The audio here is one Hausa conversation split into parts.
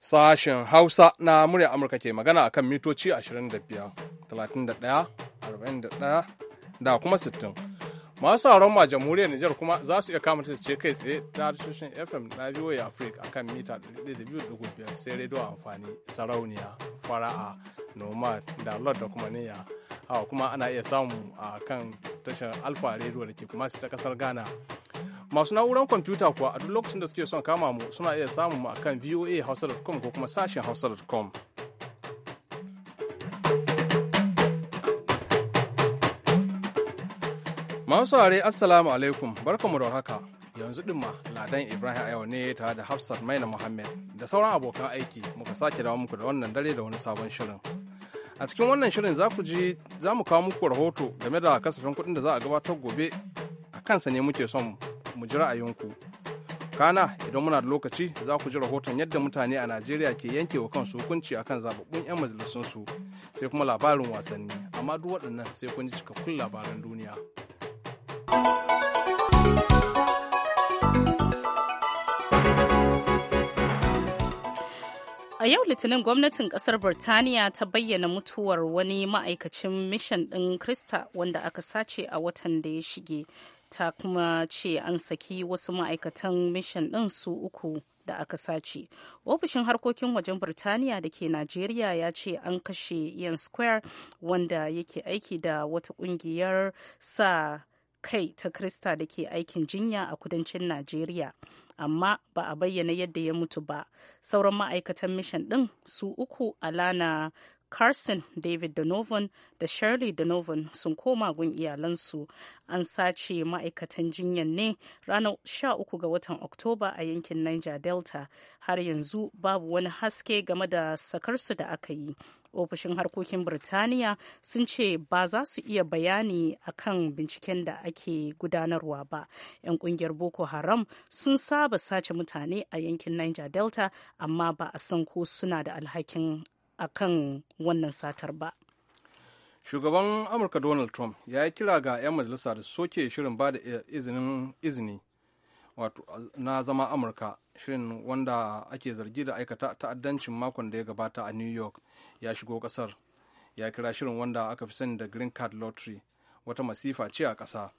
Sashen Hausa na murya Amurka ke magana a kan mitoci 25, 31, 41 da kuma 60. masu sauran ma jamhuriyar Nijar kuma za su iya kama ta ce kai tsaye ta harshen FM na VOA Africa akan mita 102.5 sai rediyo amfani sarauniya fara'a nomad da lord da kuma niyya hawa kuma ana iya samu a kan tashar alfa rediyo da ke kuma ta kasar Ghana masu na'urar kwamfuta kuwa a duk lokacin da suke son kama mu suna iya samun mu akan voa hausa.com ko kuma sashen hausa.com Masu saurare Assalamu alaikum barkamu da haka yanzu din ma Ladan Ibrahim a ne tare da Hafsat Maina Muhammad da sauran abokan aiki muka sake dawo muku da wannan dare da wani sabon shirin. A cikin wannan shirin za ku ji za mu kawo muku rahoto game da kasafin kuɗin da za a gabatar gobe a kansa ne muke son mu ji ra'ayinku. Kana idan muna da lokaci za ku ji rahoton yadda mutane a Najeriya ke yanke wa kansu hukunci akan zababbun 'yan majalisunsu sai kuma labarin wasanni amma duk waɗannan sai kun ji cikakkun labaran duniya. A yau Litinin gwamnatin kasar Birtaniya ta bayyana mutuwar wani ma'aikacin mishan ɗin Krista wanda aka sace a watan da ya shige, ta kuma ce an saki wasu ma'aikatan mishan ɗin su uku da aka sace. Ofishin harkokin wajen Birtaniya da ke Najeriya ya ce an kashe Ian Square wanda yake aiki da wata ƙungiyar sa kai ta krista da ke aikin jinya a kudancin najeriya amma ba a bayyana yadda ya mutu ba sauran ma'aikatan mishan ɗin su uku alana carson david donovan da shirley donovan sun koma gun iyalansu an sace ma'aikatan jinyan ne ranar 13 ga watan oktoba a yankin niger delta har yanzu babu wani haske game da sakarsu da aka yi ofishin harkokin birtaniya sun ce ba za su iya bayani akan binciken da ake gudanarwa ba 'yan kungiyar boko haram sun saba sace mutane a yankin niger delta amma ba a san ko suna da alhakin akan wannan satar ba shugaban amurka donald trump ya yi kira ga 'yan majalisa da soke shirin ba da izini na zama amurka shirin wanda ake zargi da aikata ta'addancin makon da ya gabata a new york ya shigo kasar ya kira shirin wanda aka fi sani da green card lottery wata masifa ce a ƙasa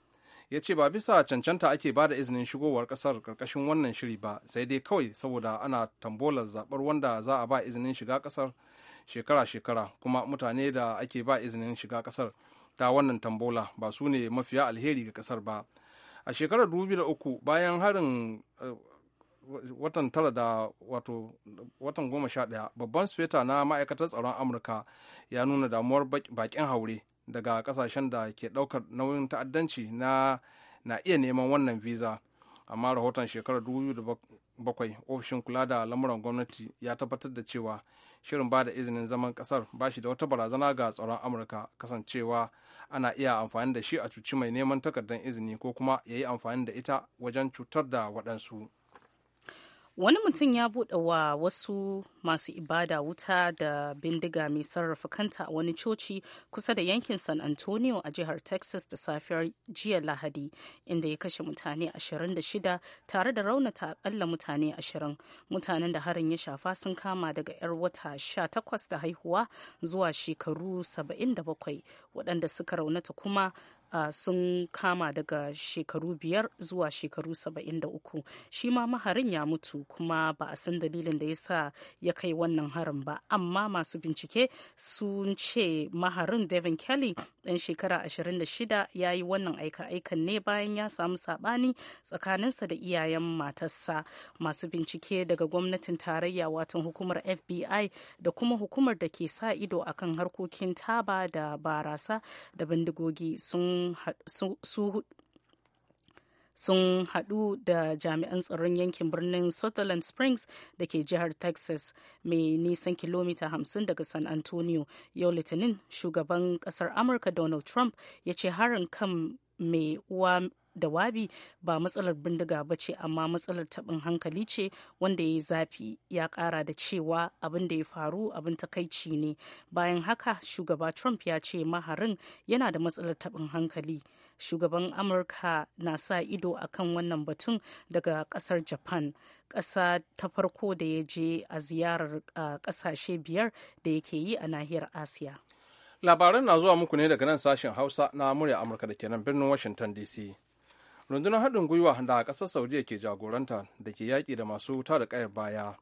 ya ce ba bisa cancanta ake ba da izinin shigowar ƙasar ƙarƙashin wannan shiri ba sai dai kawai saboda ana tambolar zaɓar wanda za a ba izinin shiga ƙasar shekara-shekara kuma mutane da ake ba izinin shiga ƙasar ta wannan tambola ba su ne mafiya alheri ga ƙasar ba a shekarar 2003 bayan harin eh, watan tara da wato watan goma sha ɗaya babban speta na ma'aikatar tsaron amurka ya nuna damuwar bakin haure daga kasashen da ke ɗaukar nauyin ta'addanci na na iya neman wannan visa amma rahoton shekarar 2007 ofishin kula da lamuran gwamnati ya tabbatar da cewa shirin bada izinin zaman kasar ba shi da wata barazana ga tsaron amurka kasancewa ana iya amfani da shi a cuci mai neman takardar izini ko kuma ya yi amfani da ita wajen cutar da waɗansu wani mutum ya buɗe wa wasu masu ibada wuta da bindiga mai sarrafa kanta a wani coci kusa da yankin san antonio a jihar texas da safiyar jiya lahadi inda ya kashe mutane 26 tare da raunata akalla mutane 20 mutanen da harin ya shafa sun kama daga 'yar wata 18 da haihuwa zuwa shekaru 77 waɗanda suka raunata kuma Uh, sun kama daga shekaru biyar zuwa shekaru saba'in da uku shi ma maharin ya mutu kuma ba a san dalilin da ya sa ya kai wannan harin ba amma masu bincike sun ce maharin devin kelly ɗan shekara 26 ya yi wannan aika-aikan ne bayan ya samu saɓani tsakaninsa da iyayen matarsa masu bincike daga gwamnatin tarayya watan hukumar fbi da kuma hukumar da ke sa ido akan harkokin taba da barasa da bindigogi su sun haɗu da jami'an tsaron yankin birnin Sutherland Springs da ke jihar Texas mai nisan kilomita 50 daga San Antonio. Yau Litinin, shugaban ƙasar Amurka Donald Trump ya ce harin kan mai uwa da wabi ba matsalar bindiga ba ce amma matsalar taɓin hankali ce wanda ya yi zafi ya ƙara da cewa abin da ya faru abin takaici ne bayan haka shugaba trump ya ce maharin yana da matsalar taɓin hankali shugaban amurka na sa ido a kan wannan batun daga kasar japan kasa ta farko da ya je a ziyarar kasashe biyar da yake yi a nahiyar asiya labaran na zuwa muku ne daga nan sashen hausa na murya amurka da kenan birnin washington dc rundunar haɗin gwiwa da ƙasar saudiya ke jagoranta da ke yaƙi da masu wuta da ƙayar baya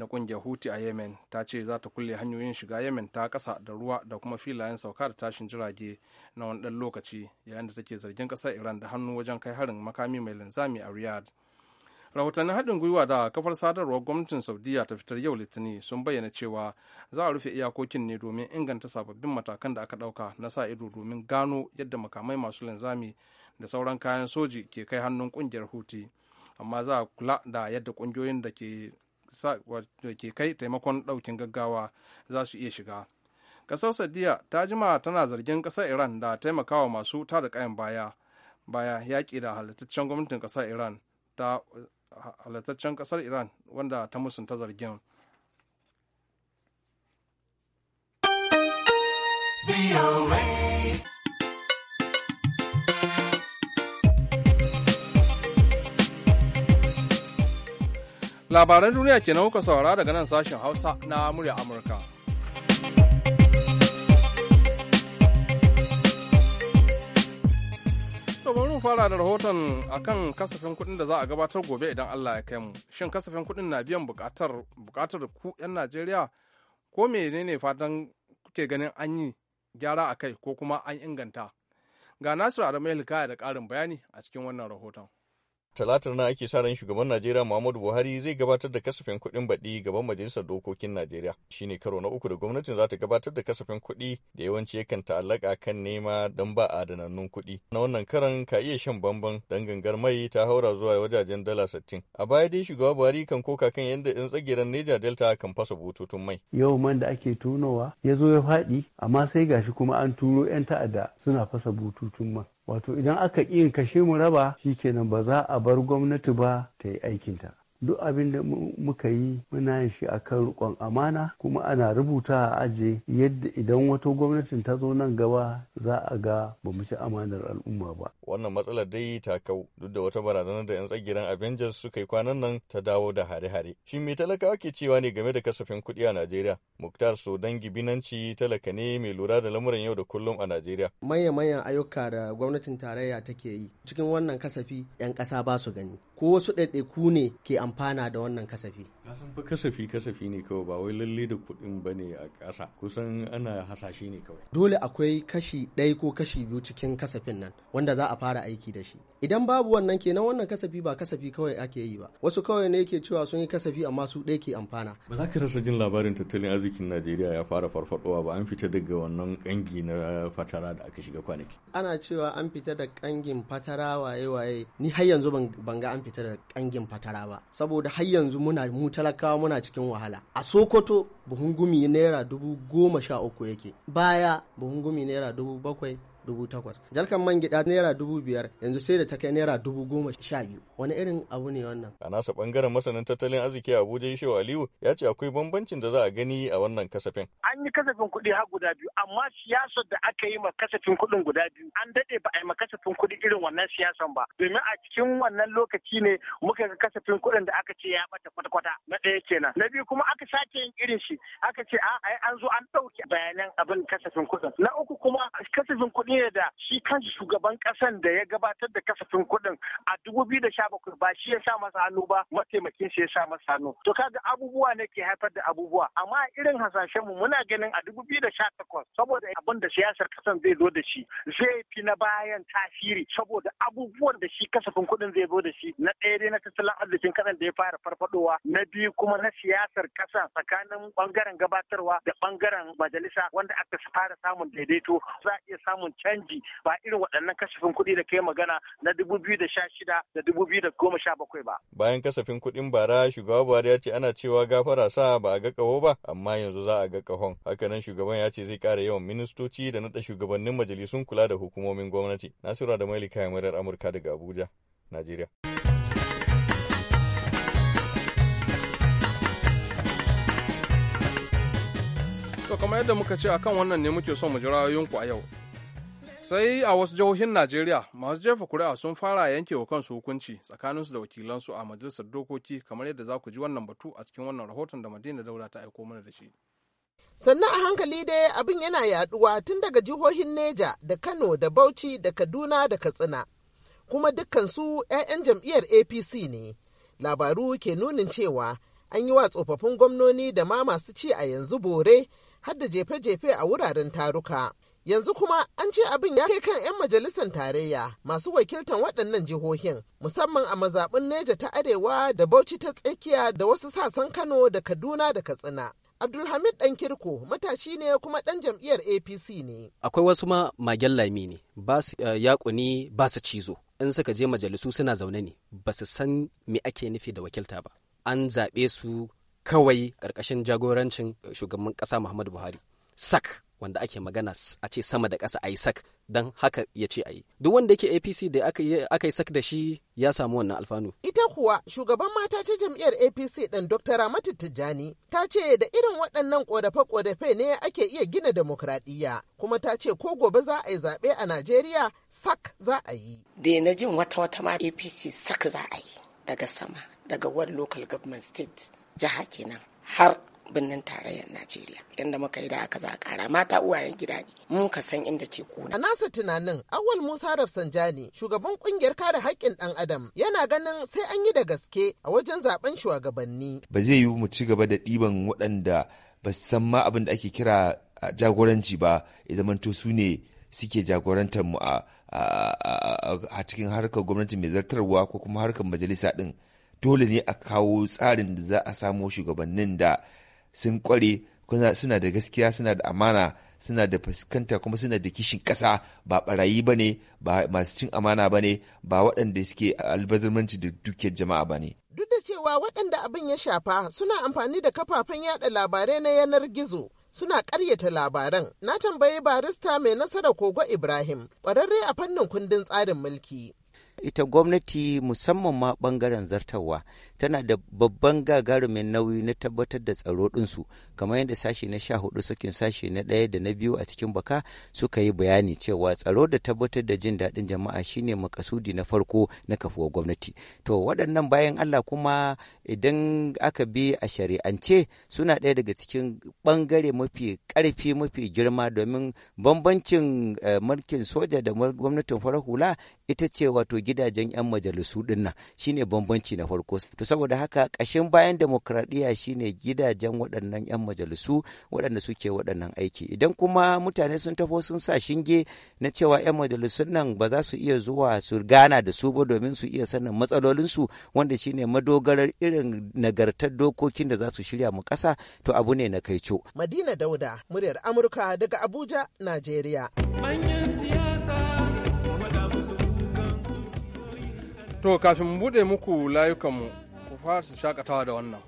na kungiyar huti a yemen ta ce za ta kulle hanyoyin shiga yemen ta kasa da ruwa da kuma filayen sauka da tashin jirage na wani ɗan lokaci yayin da take zargin ƙasar iran da hannu wajen kai harin makami mai linzami a riyadh rahotannin haɗin gwiwa da kafar sadarwar gwamnatin saudiya ta fitar yau litinin sun bayyana cewa za a rufe iyakokin ne domin inganta sababbin matakan da aka ɗauka na sa ido domin gano yadda makamai masu linzami da sauran kayan soji ke kai hannun ƙungiyar huti amma za a kula da yadda ƙungiyoyin da ke da ke kai taimakon daukin gaggawa za su iya shiga ƙasar sadiya ta jima tana zargin kasar iran da taimakawa masu tada kayan baya baya yaƙi da halittaccen gwamnatin kasar iran ta halittaccen kasar iran wanda ta musunta zargin labaran duniya kenan kuka saurara daga nan sashen hausa na murya amurka bari fara da rahoton akan kasafin kuɗin da za a gabatar gobe idan Allah ya kai mu. Shin kasafin kuɗin na biyan buƙatar buƙatar ku 'yan Najeriya ko menene fatan kuke ganin an yi gyara a kai ko kuma an inganta? Ga Nasiru Adamu ya da ƙarin bayani a cikin wannan rahoton. Talatar na ake sa ran shugaban Najeriya Muhammadu Buhari zai gabatar da kasafin kuɗin baɗi gaban Majalisar Dokokin Najeriya. Shi ne karo na uku da gwamnatin za ta gabatar da kasafin kuɗi da yawanci yakan ta'allaka kan nema don ba adanannun kuɗi. Na wannan karan ka iya shan bamban dan gangar mai ta haura zuwa wajajen dala sittin. A baya dai shugaba Buhari kan koka kan yadda yan tsageren Neja Delta kan fasa bututun mai. Yau man da ake tunowa ya zo ya faɗi amma sai gashi kuma an turo 'yan ta'adda suna fasa bututun man. wato idan aka ƙi kashe mu raba shi kenan ba za a bar gwamnati ba ta yi aikinta duk abin da muka yi muna yin shi akan rikon amana kuma ana rubuta a aje yadda idan wata gwamnatin ta zo nan gaba za a ga ba mu ci amanar al'umma ba wannan matsalar dai ta kau duk da wata barazanar da 'yan tsagiran avengers suka yi kwanan nan ta dawo da hare-hare shi mai talakawa ke cewa ne game da kasafin kuɗi a najeriya muktar so dangi gibinanci talaka ne mai lura da lamuran yau da kullum a najeriya manya-manyan ayyuka da gwamnatin tarayya take yi cikin wannan kasafi 'yan ƙasa ba su gani ko wasu ɗaiɗaiku ne ke amfana da wannan kasafi kasan fa kasafi kasafi ne kawai ba wai lalle da kuɗin ba ne a ƙasa kusan ana hasashe ne kawai dole akwai kashi ɗaya ko kashi biyu cikin kasafin nan wanda za a fara aiki da shi idan babu wannan kenan wannan kasafi ba kasafi kawai ake yi ba wasu kawai ne ke cewa sun yi kasafi amma su ɗaya ke amfana ba za ka rasa jin labarin tattalin arzikin najeriya ya fara farfadowa ba an fita daga wannan kangi na fatara da aka shiga kwanaki ana cewa an fita da kangin fatara waye waye ni har yanzu ban ga an fita da kangin fatara ba saboda har yanzu muna muta talakawa muna cikin wahala a sokoto buhun gumi naira dubu goma sha uku yake baya buhun gumi naira dubu bakwai dubu takwas jalkan man gida naira dubu biyar yanzu sai da ta kai naira dubu goma sha biyu wani irin abu ne wannan a nasa bangaren masanin tattalin arziki abuja ishewa aliyu ya ce akwai bambancin da za a gani a wannan kasafin an yi kasafin kuɗi har guda biyu amma siyasar da aka yi ma kasafin kuɗin guda biyu an daɗe ba a yi ma kasafin kuɗi irin wannan siyasan ba domin a cikin wannan lokaci ne muka ga kasafin kuɗin da aka ce ya ɓata kwata-kwata na ɗaya kenan na biyu kuma aka sake yin irin shi aka ce a an zo an ɗauke bayanan abin kasafin kuɗin na uku kuma kasafin kuɗi ɗaya da shi kan shugaban kasan da ya gabatar da kasafin kuɗin a dubu biyu da sha bakwai ba shi ya sa masa hannu ba mataimakin shi ya sa masa hannu to kaga abubuwa ne ke haifar da abubuwa amma irin hasashen mu muna ganin a dubu biyu da sha takwas saboda abin da siyasar kasan zai zo da shi zai fi na bayan tasiri saboda abubuwan da shi kasafin kuɗin zai zo da shi na ɗaya dai na tattalin arzikin kasan da ya fara farfadowa na biyu kuma na siyasar kasan tsakanin ɓangaren gabatarwa da ɓangaren majalisa wanda aka fara samun daidaito za a iya samun canji ba irin waɗannan kasafin kuɗi da kai magana na 2016 da 2017 ba. Bayan kasafin kuɗin bara shugaba Buhari ya ce ana cewa gafara sa ba a ga kaho ba amma yanzu za a ga kahon. nan shugaban ya ce zai ƙara yawan ministoci da naɗa shugabannin majalisun kula da hukumomin gwamnati. Nasiru da Malika Yamirar Amurka daga Abuja, Najeriya. To kamar yadda muka ce akan wannan ne muke son mu ji ra'ayoyinku a yau. sai a wasu jihohin najeriya masu jefa kuri'a sun fara yanke wa kansu hukunci tsakaninsu da wakilansu a majalisar dokoki kamar yadda za ku ji wannan batu a cikin wannan rahoton da madina daura ta aiko mana da shi sannan a hankali dai abin yana yaduwa tun daga jihohin neja da kano da bauchi da kaduna da katsina kuma dukkansu 'ya'yan jam'iyyar apc ne labaru ke nunin cewa an yi wa tsofaffin gwamnoni da ma masu ci a yanzu bore har da jefe-jefe a wuraren taruka yanzu kuma an ce abin ya kai kan 'yan majalisar tarayya masu wakiltar waɗannan jihohin musamman a mazaɓin neja ta arewa da bauchi ta tsakiya da wasu sassan kano da kaduna da katsina abdulhamid dan kirko matashi ne kuma ɗan jam'iyyar apc ne akwai wasu ma magen lami ne ba su eh, yakuni ba su cizo in suka je majalisu suna zaune ne ba su san me ake nufi da wakilta ba an zaɓe su kawai ƙarƙashin jagorancin eh, shugaban ƙasa muhammadu buhari sak wanda ake magana a ce sama da ƙasa a sak don haka ya ce a yi duk wanda yake apc da aka yi sak da shi ya samu wannan alfanu ita kuwa shugaban mata ta jam'iyyar apc ɗin dr ramatu tijjani ta ce da irin waɗannan ƙorafe-ƙorafe ne ake iya gina demokradiyya kuma ta ce ko gobe za a yi zaɓe a najeriya sak za a yi na jin wata-wata ma apc sak za a yi daga sama daga wani local government state jiha kenan har birnin tarayyar Najeriya inda muka yi da aka za kara mata uwayen gida ne mun ka san inda ke kuna. A nasa tunanin Awal Musa Rafsanjani shugaban kungiyar kare haƙƙin ɗan adam yana ganin sai an yi da gaske a wajen zaben shugabanni. Ba zai yiwu mu ci gaba da ɗiban waɗanda ba san ma abin da ake kira jagoranci ba ya zamanto su ne suke jagorantar mu a cikin harkar gwamnati mai zartarwa ko kuma harkar majalisa ɗin dole ne a kawo tsarin da za a samo shugabannin da sun kware suna da gaskiya suna da amana suna da fuskanta kuma suna da kishin ƙasa ba barayi ba ne ba masu cin amana ba ne ba waɗanda suke albazirmanci da dukiyar jama'a ba ne. Duk da cewa waɗanda abin ya shafa suna amfani da kafafen yada labarai na yanar gizo suna ƙaryata labaran na tambayi barista mai nasara kogo Ibrahim ƙwararre a fannin kundin tsarin mulki. Ita gwamnati musamman ma ɓangaren zartarwa tana da babban gagarumin nauyi na tabbatar da tsaro ɗinsu kamar yadda sashe na sha hudu sakin sashe na ɗaya da na biyu a cikin baka suka yi bayani cewa tsaro da tabbatar da jin daɗin jama'a shine makasudi na farko na kafuwar gwamnati to waɗannan bayan allah kuma idan aka bi a shari'ance suna ɗaya daga cikin ɓangare mafi ƙarfi mafi girma domin bambancin eh, mulkin soja da gwamnatin farar hula ita ce wato gidajen 'yan majalisu ɗin shine bambanci na farko saboda haka ƙashin bayan demokradiyya shine gidajen waɗannan 'yan majalisu waɗanda suke waɗannan aiki idan kuma mutane sun tafo sun sa shinge na cewa 'yan majalisun nan ba za su iya zuwa su gana da su ba domin su iya sanin matsalolinsu wanda shine madogarar irin nagartar dokokin da za su shirya mu ƙasa to abu ne na co. Madina Dauda, muryar Amurka daga Abuja, Najeriya. To kafin mu buɗe muku layukanmu fara su shakatawa da wannan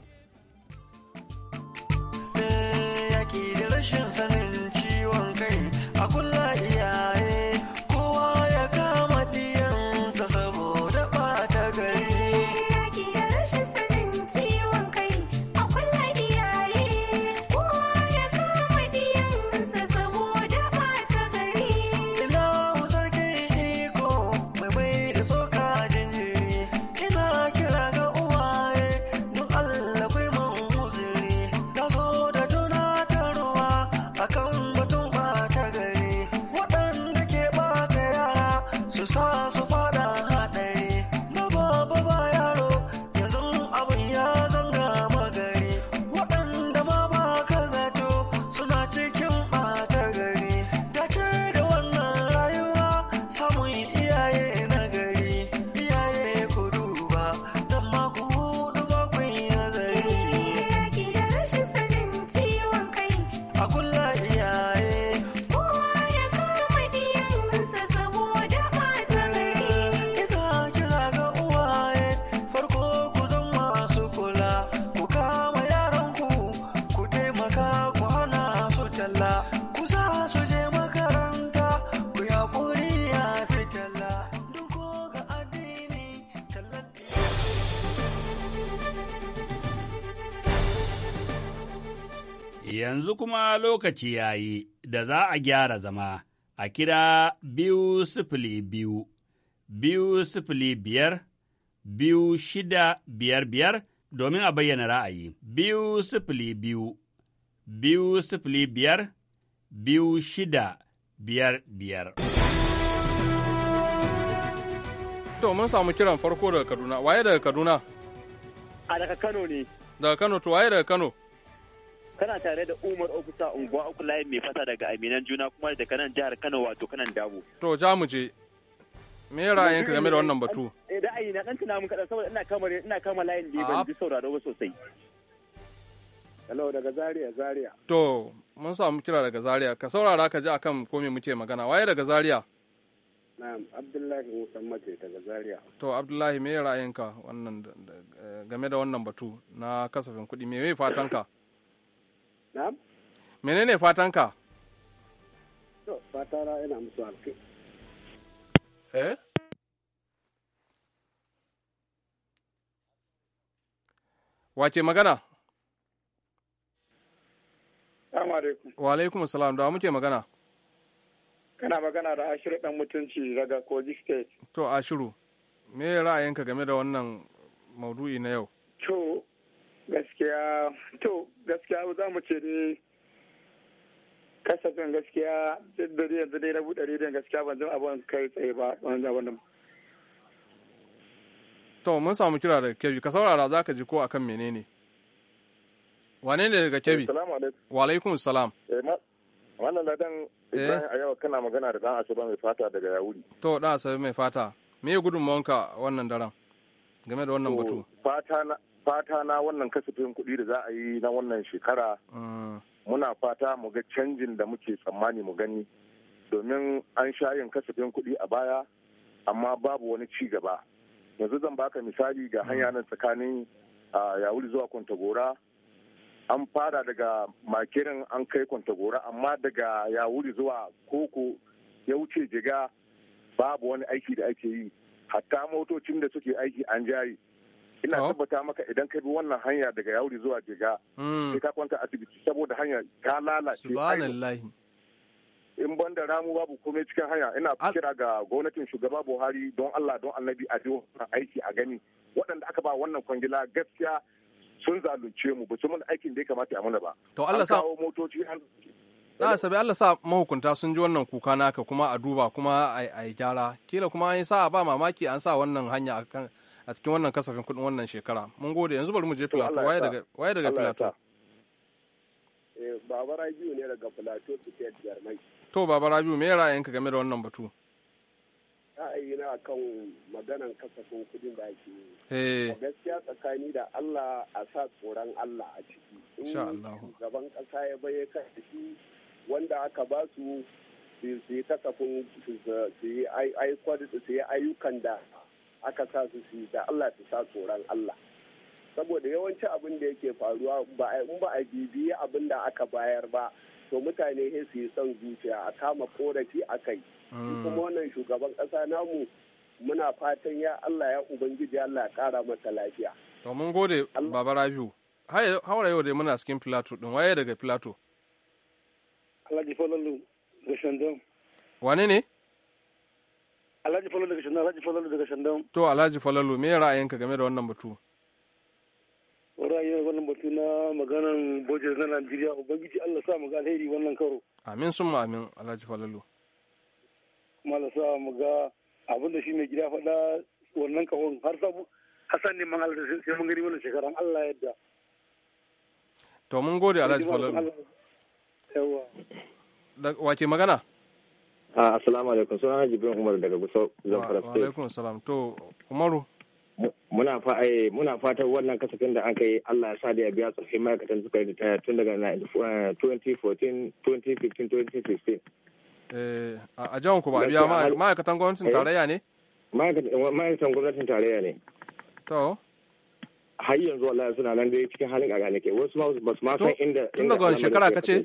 kuma lokaci ya yi da za a gyara zama a kira biyu sifili biyu, biyu sifili biyar, biyu shida biyar biyar domin a bayyana ra'ayi. Biyu sifili biyu, biyu sifili biyar, biyu shida biyar biyar. To mun samu kiran farko daga Kaduna, waye daga Kaduna? A daga Kano ne. Daga Kano, to waye daga Kano? kana tare da umar ofisa unguwa uku layin mai fata daga aminan juna kuma daga kanan jihar kano wato kanan dabo to ja mu je me ra'ayin ka game da wannan batu eh, ra'ayi na dan mun kada saboda ina kama ina kama layin da ban ji ah. sauraro ba sosai hello daga zaria zaria to mun samu kira daga zaria ka saurara ka ji akan ko me muke magana waye daga zaria na'am abdullahi musamman daga zaria to abdullahi me ra'ayinka wannan eh, game da wannan batu na kasafin kuɗi me me ka? na'am menene fatanka to fata na ina musu alkai eh wace magana Assalamu alaikum. Wa alaikum salam da muke magana. Kana magana da Ashiru dan mutunci daga Kogi State. To Ashiru, me ra'ayinka game da wannan maudu'i na yau? To gaskiya to gaskiya za mu ce ne kasafin gaskiya duk da dai yanzu dai na buɗe rediyon gaskiya ban zama abin kai tsaye ba wani abin to mun samu kira daga kebi ka saurara za ka ji ko akan menene wane ne daga kebi wa alaikum salam wannan eh, ladan ibrahim eh? a yau kana magana da dan asabe mai fata daga yawuri to dan asabe mai fata me gudunmawanka wannan daren game da wannan batu fata na wannan kasafin kuɗi da za a yi na wannan shekara mm. muna fata mu ga canjin da muke tsammani mu gani domin an sha yin kasafin kuɗi a baya amma babu wani ci gaba yanzu zan baka misali ga hanya mm. nan tsakanin yawuri zuwa kwantagora an fara daga makirin an kai kwantagora amma daga yawuri zuwa koko ya wuce jiga babu wani aiki da ake yi hatta motocin da suke aiki an jari ina oh. tabbata maka idan ka bi wannan hanya daga yauri zuwa Jega. Hmm. sai ka kwanta asibiti saboda hanya ta lalace subhanallahi in ban da ramu babu kome cikin hanya ina kira ga gwamnatin shugaba Buhari don Allah don Annabi a aiki a gani waɗanda aka ba wannan kwangila gaskiya sun zalunce mu ba su mun aikin da ya kamata a mana ba to Allah sa motoci an na sabi Allah sa mahukunta sun ji wannan kuka naka kuma a duba kuma a yi gyara kila kuma an yi sa ba mamaki an sa wannan hanya a cikin wannan kasafin kudin wannan shekara mun gode yanzu bari mu je filato waye daga filato eh, baba rabiu ne daga filato state jarmai to baba rabiu me ra'ayinka game da wannan batu na kan maganan kasafin kudin da ake yi eh. gaskiya tsakani da Allah a sa tsoron Allah a ciki Allah gaban kasa ya bayyana shi wanda aka ba su su yi kasafin su yi ayyukan da aka sa su su da Allah su sa tsoron Allah saboda yawanci abin da yake faruwa ba in ba a bibiyi abin da aka bayar ba to mutane sai su yi son zuciya a kama korafi a kai kuma mm. wannan shugaban ƙasa namu muna fatan ya Allah ya ubangiji Allah ya kara masa lafiya to mun gode baba Rabiu haura yau dai muna cikin filato ɗin, waye daga filato. Alhaji Falalu daga Shandam. Wane ne? Alhaji Falalu daga Shandam, Alhaji Falalu daga Shandam. To Alhaji Falalu, me ra'ayinka game da wannan batu? Ra'ayin wannan batu na maganan bojar na Najeriya, Ubangiji Allah sa mu alheri wannan karo. Amin sun amin Alhaji Falalu. Kuma Allah sa mu ga abin da shi mai gida faɗa wannan kawon har sabu Hassan ne man Allah sai mun gani wannan shekaran Allah yadda. To mun gode Alhaji Falalu. Yawwa. Wace magana? Ah, assalamu alaikum sunana Jibrin Umar daga zan fara State. Wa alaikum salam to Umaru. Muna eh, muna fatan wannan kasafin da aka yi Allah ya sa da ya biya tsoffin ma'aikatan suka yi ritaya tun daga 2014 2015 2016. Eh a jawon ku ba biya ma'aikatan gwamnatin eh? tarayya ne? Eh, ma'aikatan gwamnatin tarayya ne. To. Har yanzu wallahi suna nan dai cikin halin ƙaƙa nake wasu ba su ma san inda. Tun daga wani shekara ka ce?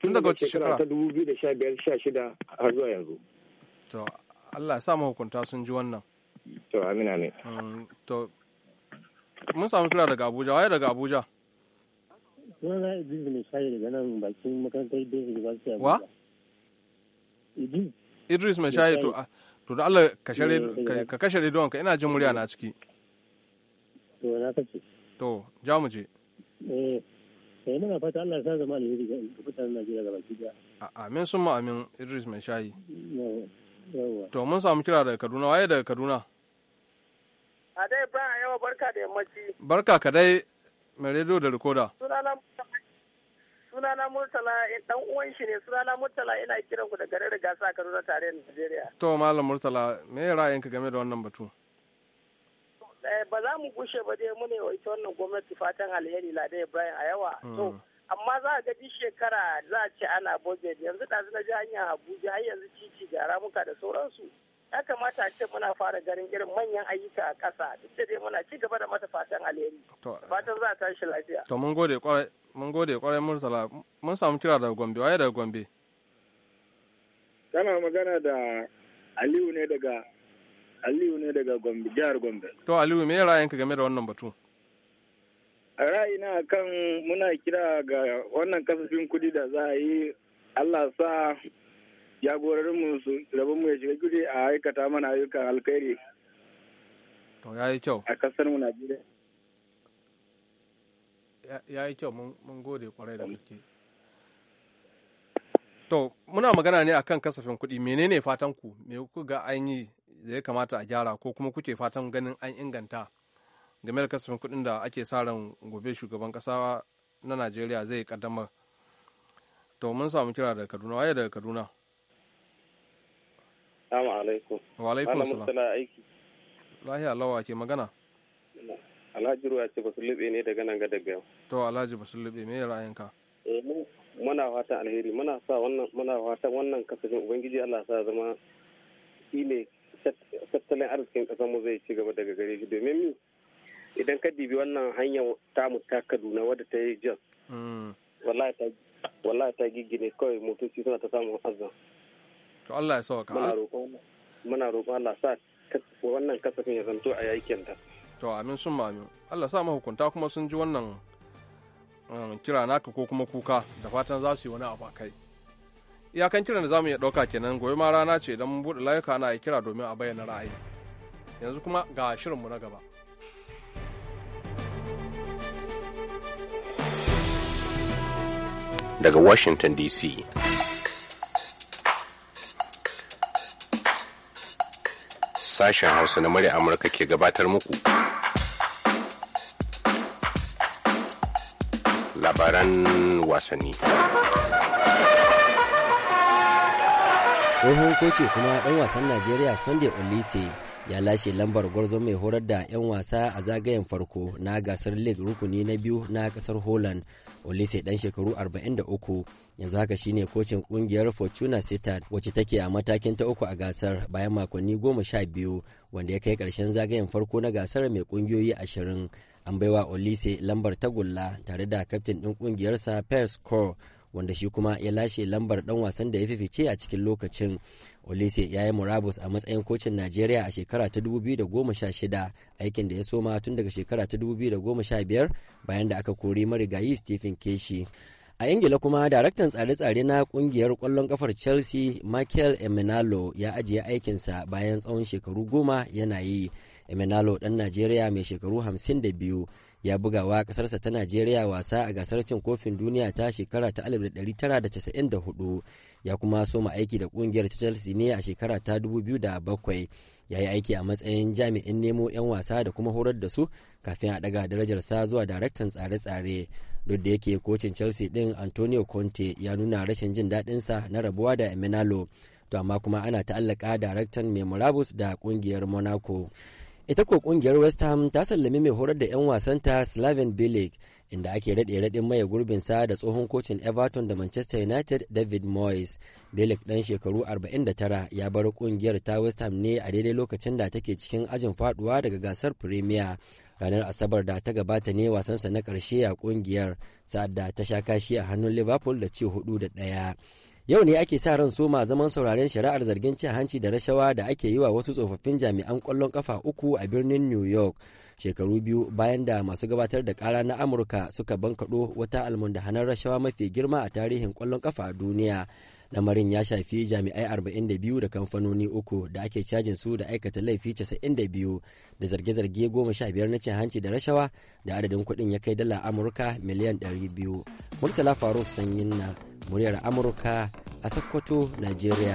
tun daga wacce shekara ta dubu biyu da sha biyar sha shida har zuwa yanzu to Allah ya sa mahukunta sun ji wannan to amina ne mm, to mun samu kira daga Abuja waye daga Abuja Sunana Idris mai shayi daga nan bakin makarantar da Idris University Abuja. Wa? Idris. Idris mai shayi to to da Allah ka eh, eh, eh. kashe rediyon ka ina jin murya na ciki. To na kace. To ja mu je. Eh. sai eh, muna fata Allah ya sa zama alheri ga mutanen Najeriya gaba ki daya amin sun ma amin Idris mai shayi to mun samu kira daga Kaduna waye daga Kaduna a dai ba yawa barka da yammaci barka ka dai mai rediyo da rikoda sunana murtala eh, dan uwan shi ne sunana murtala ina kiran ku da garin rigasa Kaduna tare da Najeriya to malam murtala me ra'ayinka game da wannan batu Eh, ba za mu gushe ba dai mune wa ita wannan gwamnati fatan alheri lada ibrahim a yawa mm. to amma za a ga duk shekara za a ce ana budget yanzu ɗazu na ji hanya abuja har yanzu titi ga ramuka da sauransu ya kamata a ce muna fara garin irin manyan ayyuka a ƙasa duk da dai muna ci gaba da mata fatan alheri fatan za a tashi lafiya to mun gode kwarai mun gode kwarai murtala mun samu kira daga gombe waye daga gombe kana magana da aliyu ne daga Aliyu ne daga Gombe, jihar Gombe. To Aliyu me ra'ayinka game da wannan batu? A ra'ayina kan muna kira ga wannan kasafin kudi da za a yi Allah sa mu su mu ya shiga kudi a aikata mana ayyukan alkhairi. To ya yi kyau. A kasar mu Najeriya. Ya yi kyau mun gode kwarai da gaske. To muna magana ne akan kasafin kuɗi menene fatan ku me ku ga an yi da ya kamata a gyara ko kuma kuke fatan ganin an inganta game da kasafin kuɗin da ake sa ran gobe shugaban ƙasa na najeriya zai kaddamar to mun samu kira daga kaduna waye daga kaduna Assalamu alaikum. Wa alaikum salam. Lahiya lawa ke magana. Alhaji ruwa ce basu lube ne daga nan ga daga To Alhaji basu lube me ra'ayinka? Eh, muna fatan alheri muna sa wannan muna fatan wannan kasafin ubangiji Allah sa zama ne tattalin arzikin kasar mu zai ci gaba daga gare shi domin mu idan ka dibi wannan hanyar tamu ta kaduna wadda ta yi jos mm. wallahi ta giggine kawai motoci suna ta samun azan to Allah ya sauka muna roƙon Allah sa wannan kasafin ya zanto a yakin ta to amin sun mamin Allah sa mahukunta kuma sun ji wannan um, kira naka ko kuma kuka da fatan za su yi wani abu a kai iyakan kiran da za mu iya ɗauka kenan gobe ma rana ce don buɗe layuka ana kira domin a bayyana ra'ayi yanzu kuma ga shirinmu na gaba daga washington dc sashen hausa na murya amurka ke gabatar muku labaran wasanni tsohon koci kuma ɗan wasan najeriya sunday olise ya lashe lambar gwarzo mai horar da 'yan wasa a zagayen farko na gasar league rukuni na biyu na kasar holland olise dan shekaru 43 yanzu haka shine kocin kungiyar fortuna sittard wacce take a matakin ta uku a gasar bayan makonni goma sha biyu wanda ya kai karshen zagayen farko na gasar mai kungiyoyi ashirin an baiwa olise lambar tagulla tare da kaftin ɗin kungiyarsa pers core wanda shi kuma ya lashe lambar dan wasan da ya fifice a cikin lokacin olise ya yi murabus a matsayin kocin najeriya a shekara ta 2016 aikin da ya soma tun daga shekara ta 2015 bayan da aka kori marigayi stephen keshi a ingila kuma daraktan tsare-tsare na kungiyar kwallon kafar chelsea michael emenalo ya ajiye aikinsa bayan tsawon shekaru goma yana yi emenalo dan najeriya mai shekaru 52 ya bugawa kasarsa ta najeriya wasa a gasar cin kofin duniya ta shekara ta 1994 ya kuma soma aiki da ƙungiyar ta chelsea ne a shekara ta 2007 ya yi aiki a matsayin jami'in nemo 'yan wasa da kuma horar da su kafin a daga darajar sa zuwa daraktan tsare-tsare duk da yake kocin chelsea din antonio conte ya nuna rashin jin sa na rabuwa da eminalo to amma kuma ana ta'allaka daraktan mai da ƙungiyar monaco ita ko kungiyar west ham ta sallami mai horar da 'yan wasanta slaven bilic inda ake raɗe raɗin maye sa da tsohon kocin everton da manchester united david moyes bilic ɗan shekaru 49 ya bar kungiyar ta west ham ne a daidai lokacin da take cikin ajin faduwa daga gasar premier ranar asabar da ta gabata ne wasansa na ƙarshe a kungiyar sa'ad da ta sha kashi a hannun liverpool da ci hudu da ɗaya Yau ne ake sa ran soma zaman sauraren shari'ar zargin cin hanci da rashawa da ake yi wa wasu tsofaffin jami'an kwallon kafa uku a birnin New York. Shekaru biyu bayan da masu gabatar da kara na Amurka suka bankaɗo wata almundahanar rashawa mafi girma a tarihin kwallon kafa a duniya. lamarin ya shafi jami'ai 42 da kamfanoni uku da ake cajin su da aikata laifi 92 da zarge-zarge 15 na cin hanci da rashawa da adadin kuɗin ya kai dala amurka miliyan 200 murtala faruk sanyin nan. muryar amurka a sokoto nigeria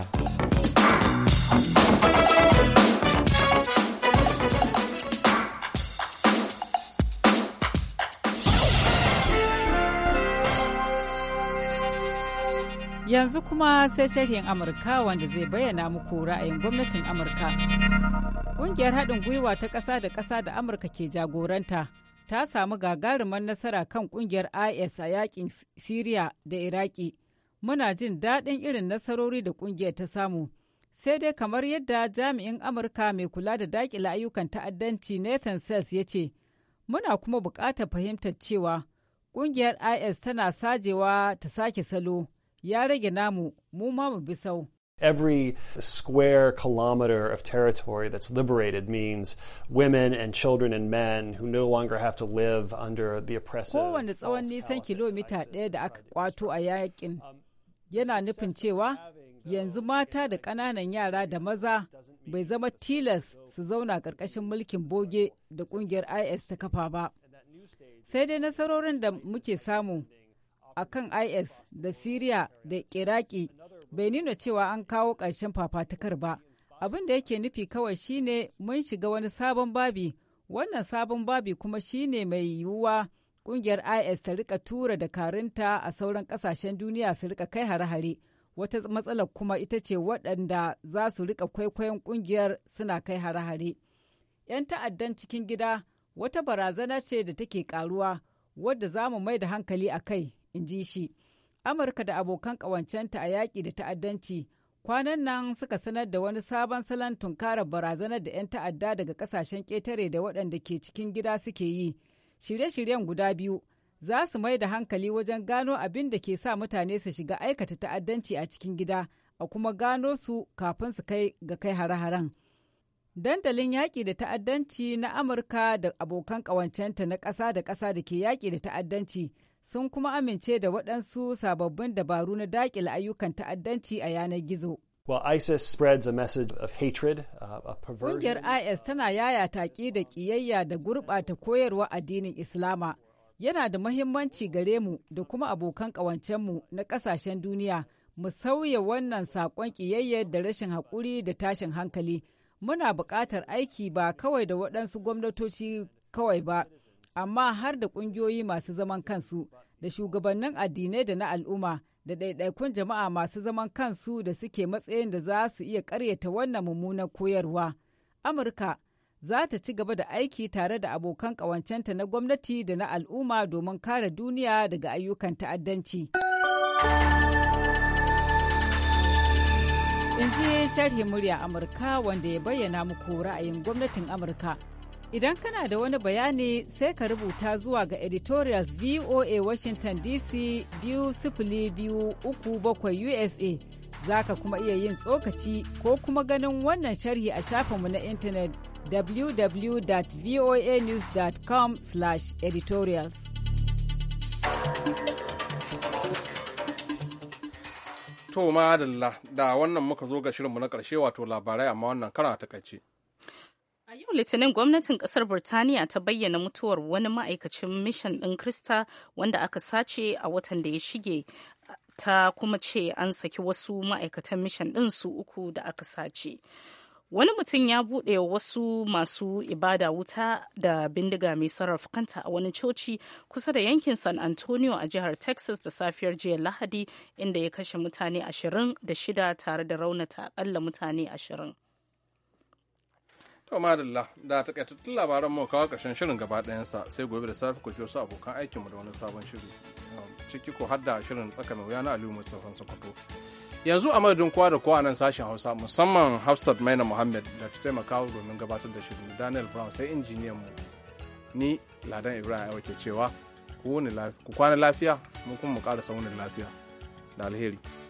yanzu kuma sai sharhin amurka wanda zai bayyana muku ra'ayin gwamnatin amurka ƙungiyar haɗin gwiwa ta ƙasa da ƙasa da amurka ke jagoranta ta samu gagarumar nasara kan ƙungiyar is a yaƙin siriya da iraki muna jin daɗin irin nasarori da ƙungiyar ta samu. Sai dai kamar yadda jami'in Amurka mai kula da daƙila ayyukan ta'addanci Nathan Sells ya ce, muna kuma buƙatar fahimtar cewa ƙungiyar IS tana sajewa ta sake salo, ya rage namu, mu ma mu bi sau. Every square kilometer of territory that's liberated means women and children and men who no longer have to live under the oppressive. Kowane tsawon nisan kilomita ɗaya da aka kwato a yakin um, yana nufin cewa yanzu mata da ƙananan yara da maza bai zama tilas su zauna ƙarƙashin mulkin boge da ƙungiyar is ta kafa ba sai dai nasarorin da muke samu a kan is da syria da iraki bai nuna cewa an kawo ƙarshen fafatukar ba abin da yake nufi kawai shine mun shiga wani sabon babi wannan sabon babi kuma shine mai yiwuwa kungiyar is ta rika tura dakarunta a sauran kasashen duniya su rika kai hare-hare wata matsalar kuma ita ce waɗanda za su rika kwaikwayon kungiyar suna kai hare-hare 'yan ta'addan cikin gida wata barazana ce da take karuwa wadda za mu mai da hankali a kai in ji shi amurka da abokan ƙawancenta a yaƙi da ta'addanci kwanan nan suka sanar da wani sabon salon tunkarar barazanar da 'yan ta'adda daga ƙasashen ƙetare da waɗanda ke cikin gida suke yi shirye-shiryen guda biyu za su mai da hankali wajen gano abin da ke sa mutane su shiga aikata ta'addanci a cikin gida a kuma gano su kafin su kai ga kai hare-haren. Dandalin yaƙi da ta'addanci na Amurka da abokan ƙawancenta na ƙasa da ƙasa da ke yaƙi da ta'addanci sun kuma amince da waɗansu sababbin dabaru na daƙile ayyukan ta'addanci a yanar gizo. Uh, Ƙungiyar IS tana yaya taƙi da ƙiyayya da gurɓata koyarwa addinin Islama. Yana da mahimmanci gare mu da kuma abokan ƙawancen mu na ƙasashen duniya mu sauya wannan saƙon ƙiyayya da rashin haƙuri da tashin hankali. Muna buƙatar aiki ba kawai da waɗansu gwamnatoci kawai ba, amma har da ƙungiyoyi masu zaman kansu da shugabannin addinai da na al'umma. da ɗaiɗaikun jama'a masu zaman kansu da suke matsayin da za su iya ƙaryata wannan mummunan koyarwa. Amurka za ta ci gaba da aiki tare da abokan ƙawancenta na gwamnati da na al'umma domin kare duniya daga ayyukan ta'addanci. Yanzu sharhin murya Amurka wanda ya bayyana muku ra'ayin gwamnatin Amurka. Idan kana da wani bayani sai ka rubuta zuwa ga editorials VOA Washington DC bakwai USA za ka kuma iya yin tsokaci ko kuma ganin wannan sharhi a shafinmu na intanet www.voanews.com editorials To ma da wannan muka zo ga shirinmu na ƙarshe wato labarai amma wannan kara a takaice. A yau Litinin gwamnatin kasar Burtaniya ta bayyana mutuwar wani ma'aikacin mishan ɗin Krista wanda aka sace a watan da ya shige ta kuma ce an saki wasu ma'aikatan mishan ɗin su uku da aka sace. Wani mutum ya buɗe wasu masu ibada wuta da bindiga mai sarrafa kanta a wani coci kusa da yankin San Antonio a jihar Texas da safiyar jiya Lahadi inda ya kashe mutane ashirin da shida tare da raunata akalla mutane ashirin. To madalla da takaitattun labaran mu kawo karshen shirin gaba ɗayansa sai gobe da safe ku wasu abokan aikinmu da wani sabon shiri um, ciki ko hadda shirin tsaka mai wuya na Aliyu Mustapha Sokoto. Yanzu a madadin kowa da kowa nan sashen Hausa musamman Hafsat Maina Muhammad da ta taimaka domin gabatar da shirin Daniel Brown sai injiniyan mu ni Ladan Ibrahim Aiwa ke cewa ku kwana lafiya mu kuma mu ƙara saunin lafiya da alheri.